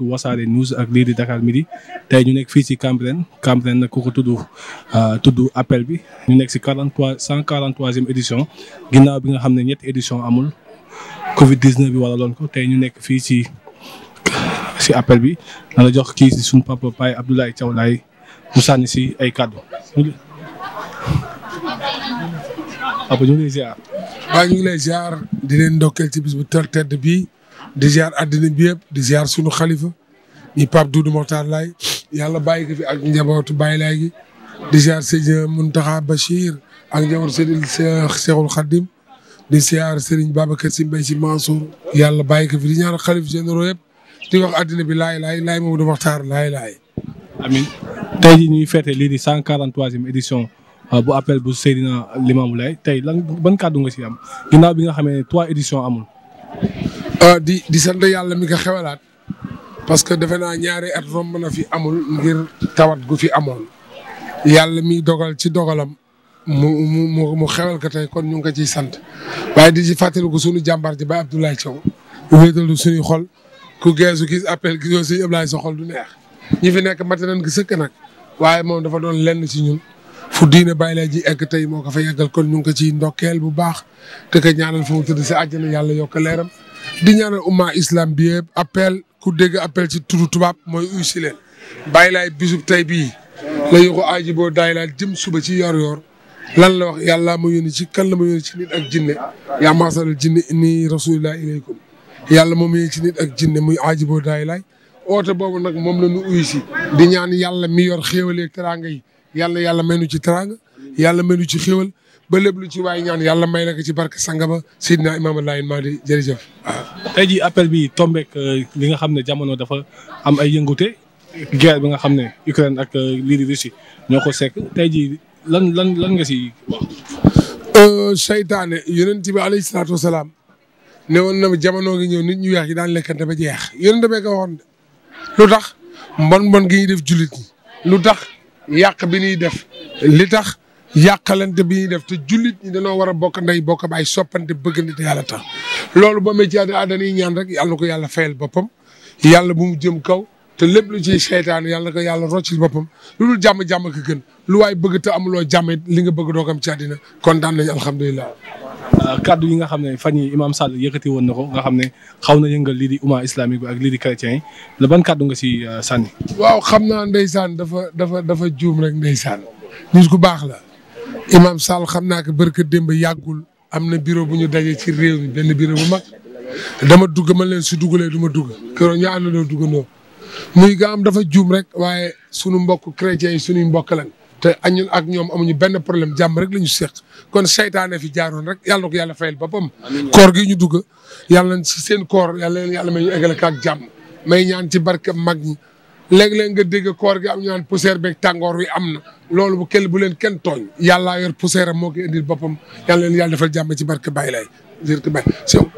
waxtu wasaare news ak lii di Dakar midi tey ñu nekk fii si Cambérène Cambérène nag ku ko tudd euh, appel bi. ñu nekk si quarante trois cent quarante troisième édition bi nga xam ne ñetti édition amul Covid 19 bi waraloon ko tey ñu nekk fii si si appel bi na jox kii si suñu papa Baye Abdoulaye Thiaw Laye mu sànni si ay kàddu. papa ñu lay ziar. di leen ndokkeel ci bis bu tër tedd bii. di ziar àddina bi yëpp di ziar sunu xalifa ñi Pape Doudou Mokhtar Laye yàlla bàyyi ko fi ak njabootu Baye Laye gi di ziar sëñ Mountakha Bachir ak njabootu sëriñ Cheikhul Khadim di ziar sëriñ Babacar Sy Mbaye Sy Mansour yàlla bàyyi ko fi di ñaar xalif généraux yëpp di wax addina bi laay laay laay moom du Mokhtar laay laay. amiin tey jii ñuy fête lii di cent quarante-troisième édition euh, bu appel bu Seydina Limamou Laye tey lan ban kàddu nga si am ginnaaw bi nga xamee trois éditions amul. Euh, di di sant yàlla mi ko xewalaat parce que defe naa ñaari at romb na fi amul ngir tawat gu fi amoon yàlla mi dogal ci dogalam mu mu mu xewal ko tey kon ñu ngi ko ciy sant waaye di ci fàttaliku sunu jàmbaar ji ba Abdoulaye Thiaw lu wéetal suñuy xol ku geesu gis appel gisoo si Abdoulaye sa xol du neex ñi fi nekk mat nañ gi sëkk nag waaye moom dafa doon lenn ci ñun fu diine bay la ji egg tey moo ko fa yeggal kon ñu ngi ko ciy ndokkeel bu baax te ko ñaanal fu mu tëdd si àjjana yàlla yokk leeram di ñaanal umma islam bi yëpp ku dégg appel ci turu tubaab mooy uy si leen bisub tey bii la yu ko aaji boo daay jëm suba ci yor-yor lan la wax yàlla ma yónni ci kan la ma yónni ci nit ak jinne yaa maasalal jinne inni rasulillah ilaykum yàlla moom yéen ci nit ak jinne muy aaji boo daay laay oote boobu nag moom la ñu uyu si di ñaan yàlla mi yor xéewaleeg teraanga yi yàlla yàlla may nu ci teraanga yàlla may nu ci xéewal ba lépp lu ci waay ñaan yàlla may na ko ci barke sangama Seydina Imam Laye Mahdi jërëjëf. waaw ah. tey jii appel bi tombé euh, li nga xam ne jamono dafa am ay yëngute guerre bi nga xam ne Ukraine ak euh, lii di ñoo ko sekk tey jii lan lan lan nga si wax. Euh, seytaane yonent bi alayhi salaatu wasalaam ne woon na jamono gi ñëw nit ñu weex yi daan lekkante ba jeex yonent bee ko waxoon lu tax mbon mbon gi ñuy def jullit ñi lu tax yàq bi ñuy def li tax yàqalante bi ñuy def te jullit ñi dañoo war a bokk ndey bokk ba ay soppante bëggante yàlla tax loolu ba métier da dañuy ñaan rek yàlla ko yàlla fayal boppam yàlla bu mu jëm kaw te lépp lu ci seytaan yàlla ko yàlla roccil boppam lu jàmm-jàmm ko gën lu waaye bëgg te amuloo jàmme li nga bëgg doo ko am ci àddina kontaan nañu alhamdulilah. Euh, kaddu yi nga xam ne fan yii Imaam Sall yëkkati woon na ko nga xam ne xaw na yëngal lii di umma islamique bi ak lii di chrétien yi ban kaddu nga si euh, sànni. waaw xam naa ndeysaan dafa dafa dafa juum rek ndeysaan baax la Imam Sall xam naa ko barka démb yàggul am na biro bu ñu daje ci réew mi benn bureau bu mag dama dugg ma leen si dugalee du ma dugg keroog ñu àndandoo duggandoo muy gaa am dafa juum rek waaye sunu mbokk chrétiens yi sunuy mbokk lan te añun ak ñoom amuñu benn problème jàmm rek la ñu seq kon seytaan seytaane fi jaaroon rek yàlla na ko yàlla fayal boppam. koor gi ñu dugg yàlla si seen koor yàlla leen yàlla may ñu eggale ak jàmm may ñaan ci barke mag ñi léeg-léeg nga dégg koor gi am ñu naan poussière beeg tàngoor wi am na loolu bu kenn bu leen kenn tooñ yàllaa yor poussière am moo koy indil boppam yàlla leen yàlla defal jàmm ci barke bay lay barke Baye